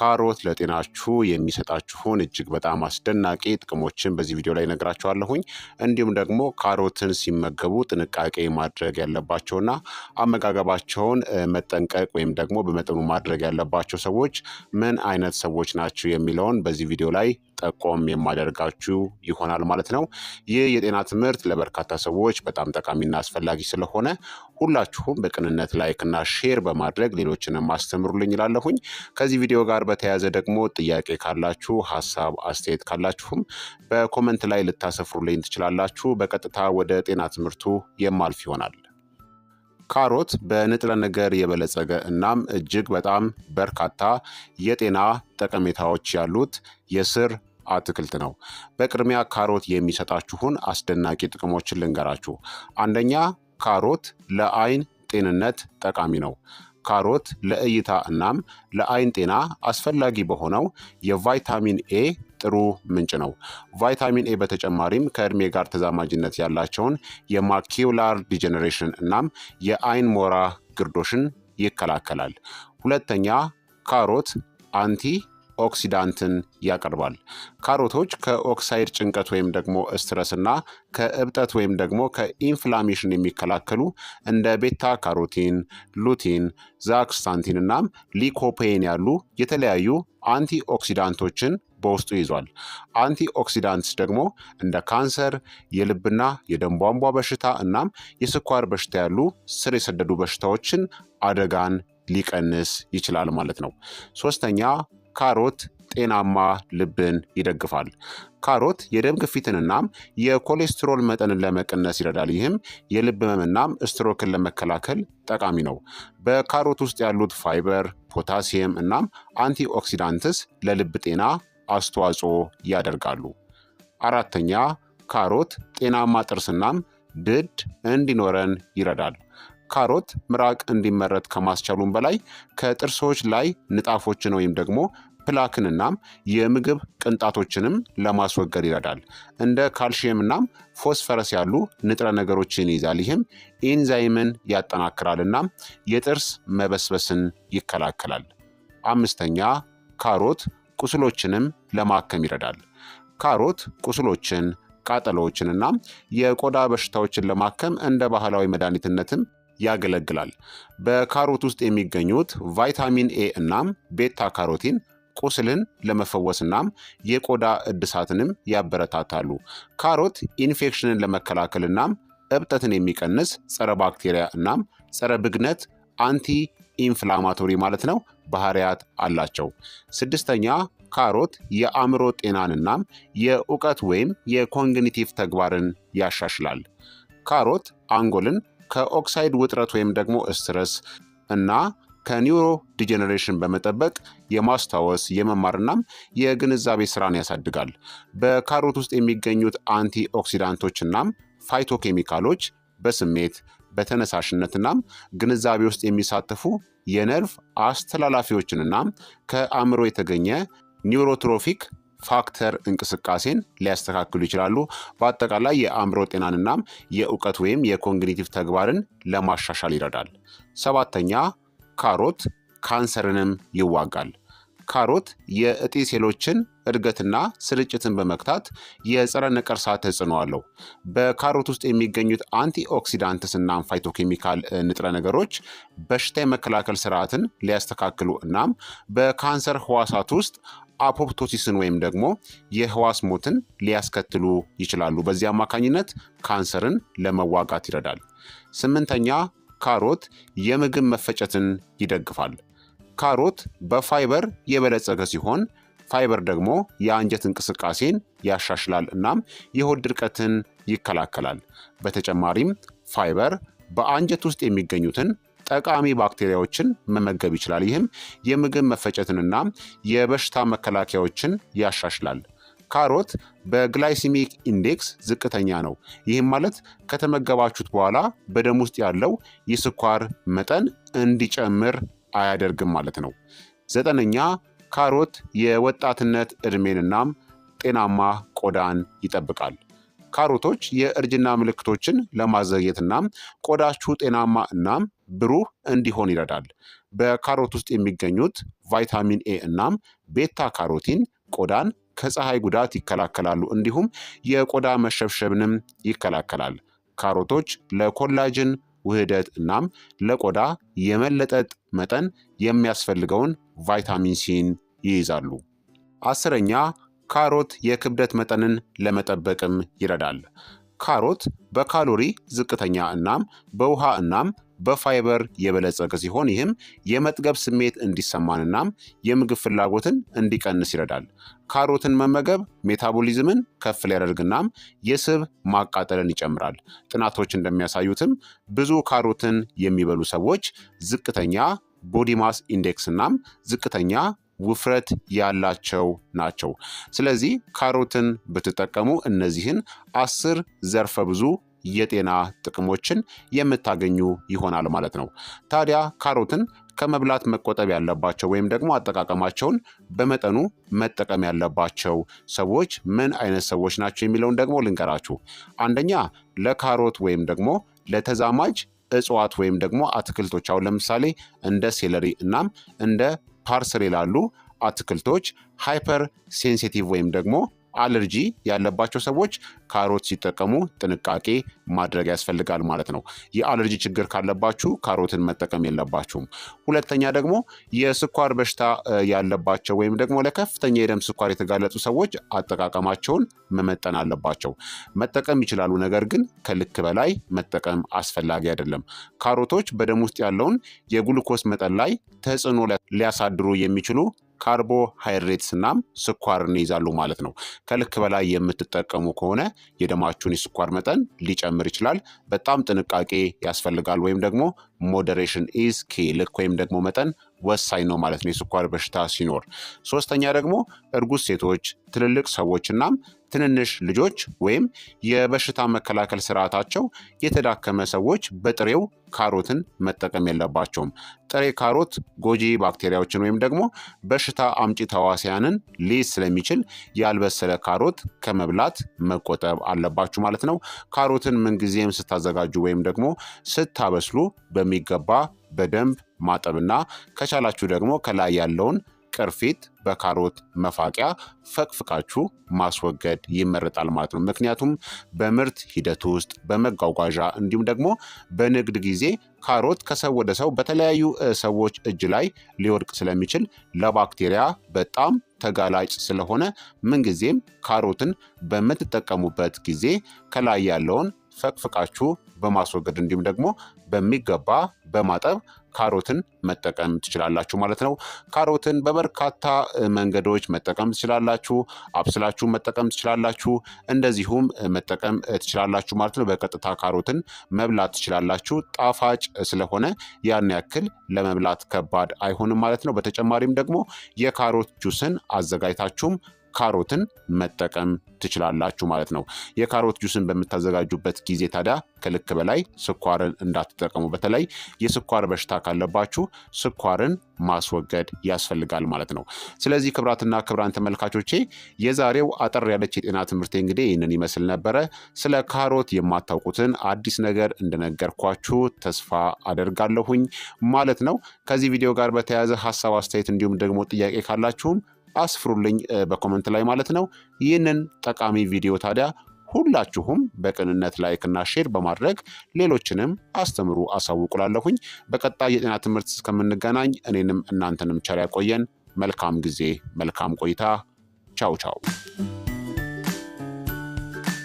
ካሮት ለጤናችሁ የሚሰጣችሁን እጅግ በጣም አስደናቂ ጥቅሞችን በዚህ ቪዲዮ ላይ ነግራችኋለሁኝ። እንዲሁም ደግሞ ካሮትን ሲመገቡ ጥንቃቄ ማድረግ ያለባቸውና አመጋገባቸውን መጠንቀቅ ወይም ደግሞ በመጠኑ ማድረግ ያለባቸው ሰዎች ምን አይነት ሰዎች ናቸው የሚለውን በዚህ ቪዲዮ ላይ ጠቆም የማደርጋችሁ ይሆናል ማለት ነው። ይህ የጤና ትምህርት ለበርካታ ሰዎች በጣም ጠቃሚና አስፈላጊ ስለሆነ ሁላችሁም በቅንነት ላይክና ሼር በማድረግ ሌሎችንም አስተምሩልኝ ይላለሁኝ። ከዚህ ቪዲዮ ጋር በተያያዘ ደግሞ ጥያቄ ካላችሁ፣ ሀሳብ አስተያየት ካላችሁም በኮመንት ላይ ልታሰፍሩልኝ ትችላላችሁ። በቀጥታ ወደ ጤና ትምህርቱ የማልፍ ይሆናል። ካሮት በንጥረ ነገር የበለጸገ እናም እጅግ በጣም በርካታ የጤና ጠቀሜታዎች ያሉት የስር አትክልት ነው። በቅድሚያ ካሮት የሚሰጣችሁን አስደናቂ ጥቅሞችን ልንገራችሁ። አንደኛ ካሮት ለአይን ጤንነት ጠቃሚ ነው። ካሮት ለእይታ እናም ለአይን ጤና አስፈላጊ በሆነው የቫይታሚን ኤ ጥሩ ምንጭ ነው። ቫይታሚን ኤ በተጨማሪም ከእድሜ ጋር ተዛማጅነት ያላቸውን የማኪውላር ዲጀነሬሽን እናም የአይን ሞራ ግርዶሽን ይከላከላል። ሁለተኛ ካሮት አንቲ ኦክሲዳንትን ያቀርባል። ካሮቶች ከኦክሳይድ ጭንቀት ወይም ደግሞ ስትረስ ና ከእብጠት ወይም ደግሞ ከኢንፍላሜሽን የሚከላከሉ እንደ ቤታ ካሮቲን፣ ሉቲን፣ ዛክስታንቲን እናም ሊኮፔን ያሉ የተለያዩ አንቲ ኦክሲዳንቶችን በውስጡ ይዟል። አንቲ ኦክሲዳንትስ ደግሞ እንደ ካንሰር፣ የልብና የደም ቧንቧ በሽታ እናም የስኳር በሽታ ያሉ ስር የሰደዱ በሽታዎችን አደጋን ሊቀንስ ይችላል ማለት ነው። ሶስተኛ ካሮት ጤናማ ልብን ይደግፋል። ካሮት የደም ግፊትንና የኮሌስትሮል መጠንን ለመቀነስ ይረዳል። ይህም የልብ ህመምናም ስትሮክን ለመከላከል ጠቃሚ ነው። በካሮት ውስጥ ያሉት ፋይበር፣ ፖታሲየም እናም አንቲኦክሲዳንትስ ለልብ ጤና አስተዋጽኦ ያደርጋሉ። አራተኛ ካሮት ጤናማ ጥርስናም ድድ እንዲኖረን ይረዳል። ካሮት ምራቅ እንዲመረት ከማስቻሉም በላይ ከጥርሶች ላይ ንጣፎችን ወይም ደግሞ ፕላክንናም የምግብ ቅንጣቶችንም ለማስወገድ ይረዳል። እንደ ካልሽየምናም ፎስፈረስ ያሉ ንጥረ ነገሮችን ይይዛል። ይህም ኢንዛይምን ያጠናክራልና የጥርስ መበስበስን ይከላከላል። አምስተኛ ካሮት ቁስሎችንም ለማከም ይረዳል። ካሮት ቁስሎችን ቃጠሎዎችንና የቆዳ በሽታዎችን ለማከም እንደ ባህላዊ መድኃኒትነትም ያገለግላል። በካሮት ውስጥ የሚገኙት ቫይታሚን ኤ እናም ቤታ ካሮቲን ቁስልን ለመፈወስ እናም የቆዳ እድሳትንም ያበረታታሉ። ካሮት ኢንፌክሽንን ለመከላከል እናም እብጠትን የሚቀንስ ጸረ ባክቴሪያ እናም ጸረ ብግነት አንቲ ኢንፍላማቶሪ ማለት ነው ባህሪያት አላቸው። ስድስተኛ ካሮት የአእምሮ ጤናን እናም የእውቀት ወይም የኮግኒቲቭ ተግባርን ያሻሽላል። ካሮት አንጎልን ከኦክሳይድ ውጥረት ወይም ደግሞ ስትረስ እና ከኒውሮ ዲጀነሬሽን በመጠበቅ የማስታወስ የመማርናም የግንዛቤ ስራን ያሳድጋል። በካሮት ውስጥ የሚገኙት አንቲ ኦክሲዳንቶች እናም ፋይቶ ኬሚካሎች በስሜት በተነሳሽነትናም ግንዛቤ ውስጥ የሚሳተፉ የነርቭ አስተላላፊዎችንና ከአእምሮ የተገኘ ኒውሮትሮፊክ ፋክተር እንቅስቃሴን ሊያስተካክሉ ይችላሉ። በአጠቃላይ የአእምሮ ጤናንናም የእውቀት ወይም የኮግኒቲቭ ተግባርን ለማሻሻል ይረዳል። ሰባተኛ ካሮት ካንሰርንም ይዋጋል። ካሮት የእጢ ሴሎችን እድገትና ስርጭትን በመክታት የጸረ ነቀርሳ ተጽዕኖ አለው። በካሮት ውስጥ የሚገኙት አንቲኦክሲዳንትስ እና ፋይቶኬሚካል ንጥረ ነገሮች በሽታ የመከላከል ስርዓትን ሊያስተካክሉ እናም በካንሰር ህዋሳት ውስጥ አፖፕቶሲስን ወይም ደግሞ የህዋስ ሞትን ሊያስከትሉ ይችላሉ። በዚህ አማካኝነት ካንሰርን ለመዋጋት ይረዳል። ስምንተኛ ካሮት የምግብ መፈጨትን ይደግፋል። ካሮት በፋይበር የበለጸገ ሲሆን ፋይበር ደግሞ የአንጀት እንቅስቃሴን ያሻሽላል እናም የሆድ ድርቀትን ይከላከላል። በተጨማሪም ፋይበር በአንጀት ውስጥ የሚገኙትን ጠቃሚ ባክቴሪያዎችን መመገብ ይችላል። ይህም የምግብ መፈጨትንና የበሽታ መከላከያዎችን ያሻሽላል። ካሮት በግላይሲሚክ ኢንዴክስ ዝቅተኛ ነው። ይህም ማለት ከተመገባችሁት በኋላ በደም ውስጥ ያለው የስኳር መጠን እንዲጨምር አያደርግም ማለት ነው። ዘጠነኛ ካሮት የወጣትነት ዕድሜንናም ጤናማ ቆዳን ይጠብቃል። ካሮቶች የእርጅና ምልክቶችን ለማዘግየትና ቆዳችሁ ጤናማ እናም ብሩህ እንዲሆን ይረዳል። በካሮት ውስጥ የሚገኙት ቫይታሚን ኤ እናም ቤታ ካሮቲን ቆዳን ከፀሐይ ጉዳት ይከላከላሉ፣ እንዲሁም የቆዳ መሸብሸብንም ይከላከላል። ካሮቶች ለኮላጅን ውህደት እናም ለቆዳ የመለጠጥ መጠን የሚያስፈልገውን ቫይታሚን ሲን ይይዛሉ። አስረኛ ካሮት የክብደት መጠንን ለመጠበቅም ይረዳል። ካሮት በካሎሪ ዝቅተኛ እናም በውሃ እናም በፋይበር የበለጸገ ሲሆን ይህም የመጥገብ ስሜት እንዲሰማን እናም የምግብ ፍላጎትን እንዲቀንስ ይረዳል። ካሮትን መመገብ ሜታቦሊዝምን ከፍ ሊያደርግ እናም የስብ ማቃጠልን ይጨምራል። ጥናቶች እንደሚያሳዩትም ብዙ ካሮትን የሚበሉ ሰዎች ዝቅተኛ ቦዲማስ ኢንዴክስ እናም ዝቅተኛ ውፍረት ያላቸው ናቸው። ስለዚህ ካሮትን ብትጠቀሙ እነዚህን አስር ዘርፈ ብዙ የጤና ጥቅሞችን የምታገኙ ይሆናል ማለት ነው። ታዲያ ካሮትን ከመብላት መቆጠብ ያለባቸው ወይም ደግሞ አጠቃቀማቸውን በመጠኑ መጠቀም ያለባቸው ሰዎች ምን አይነት ሰዎች ናቸው የሚለውን ደግሞ ልንገራችሁ። አንደኛ ለካሮት ወይም ደግሞ ለተዛማጅ እጽዋት ወይም ደግሞ አትክልቶች አሁን ለምሳሌ እንደ ሴለሪ እናም እንደ ፓርስል ይላሉ አትክልቶች ሃይፐር ሴንሲቲቭ ወይም ደግሞ አለርጂ ያለባቸው ሰዎች ካሮት ሲጠቀሙ ጥንቃቄ ማድረግ ያስፈልጋል ማለት ነው። የአለርጂ ችግር ካለባችሁ ካሮትን መጠቀም የለባችሁም። ሁለተኛ ደግሞ የስኳር በሽታ ያለባቸው ወይም ደግሞ ለከፍተኛ የደም ስኳር የተጋለጡ ሰዎች አጠቃቀማቸውን መመጠን አለባቸው። መጠቀም ይችላሉ፣ ነገር ግን ከልክ በላይ መጠቀም አስፈላጊ አይደለም። ካሮቶች በደም ውስጥ ያለውን የግሉኮስ መጠን ላይ ተጽዕኖ ሊያሳድሩ የሚችሉ ካርቦ ሃይድሬትስናም ስኳርን ይይዛሉ ማለት ነው። ከልክ በላይ የምትጠቀሙ ከሆነ የደማችሁን የስኳር መጠን ሊጨምር ይችላል። በጣም ጥንቃቄ ያስፈልጋል። ወይም ደግሞ ሞዴሬሽን ኢዝ ኪ፣ ልክ ወይም ደግሞ መጠን ወሳኝ ነው ማለት ነው የስኳር በሽታ ሲኖር። ሶስተኛ ደግሞ እርጉዝ ሴቶች፣ ትልልቅ ሰዎች እናም ትንንሽ ልጆች ወይም የበሽታ መከላከል ስርዓታቸው የተዳከመ ሰዎች በጥሬው ካሮትን መጠቀም የለባቸውም። ጥሬ ካሮት ጎጂ ባክቴሪያዎችን ወይም ደግሞ በሽታ አምጪ ተዋሲያንን ሊይዝ ስለሚችል ያልበሰለ ካሮት ከመብላት መቆጠብ አለባችሁ ማለት ነው። ካሮትን ምንጊዜም ስታዘጋጁ ወይም ደግሞ ስታበስሉ በሚገባ በደንብ ማጠብና ከቻላችሁ ደግሞ ከላይ ያለውን ቅርፊት በካሮት መፋቂያ ፈቅፍቃችሁ ማስወገድ ይመረጣል ማለት ነው። ምክንያቱም በምርት ሂደት ውስጥ በመጓጓዣ እንዲሁም ደግሞ በንግድ ጊዜ ካሮት ከሰው ወደ ሰው በተለያዩ ሰዎች እጅ ላይ ሊወድቅ ስለሚችል ለባክቴሪያ በጣም ተጋላጭ ስለሆነ ምንጊዜም ካሮትን በምትጠቀሙበት ጊዜ ከላይ ያለውን ፈቅፍቃችሁ በማስወገድ እንዲሁም ደግሞ በሚገባ በማጠብ ካሮትን መጠቀም ትችላላችሁ ማለት ነው። ካሮትን በበርካታ መንገዶች መጠቀም ትችላላችሁ። አብስላችሁ መጠቀም ትችላላችሁ፣ እንደዚሁም መጠቀም ትችላላችሁ ማለት ነው። በቀጥታ ካሮትን መብላት ትችላላችሁ። ጣፋጭ ስለሆነ ያን ያክል ለመብላት ከባድ አይሆንም ማለት ነው። በተጨማሪም ደግሞ የካሮት ጁስን አዘጋጅታችሁም ካሮትን መጠቀም ትችላላችሁ ማለት ነው። የካሮት ጁስን በምታዘጋጁበት ጊዜ ታዲያ ከልክ በላይ ስኳርን እንዳትጠቀሙ። በተለይ የስኳር በሽታ ካለባችሁ ስኳርን ማስወገድ ያስፈልጋል ማለት ነው። ስለዚህ ክብራትና ክብራን ተመልካቾቼ የዛሬው አጠር ያለች የጤና ትምህርቴ እንግዲህ ይህንን ይመስል ነበረ። ስለ ካሮት የማታውቁትን አዲስ ነገር እንደነገርኳችሁ ተስፋ አደርጋለሁኝ ማለት ነው። ከዚህ ቪዲዮ ጋር በተያያዘ ሀሳብ፣ አስተያየት እንዲሁም ደግሞ ጥያቄ ካላችሁም አስፍሩልኝ በኮመንት ላይ ማለት ነው። ይህንን ጠቃሚ ቪዲዮ ታዲያ ሁላችሁም በቅንነት እና ሼር በማድረግ ሌሎችንም አስተምሩ አሳውቁላለሁኝ። በቀጣይ የጤና ትምህርት እስከምንገናኝ እኔንም እናንተንም ቸር ያቆየን። መልካም ጊዜ፣ መልካም ቆይታ። ቻው ቻው።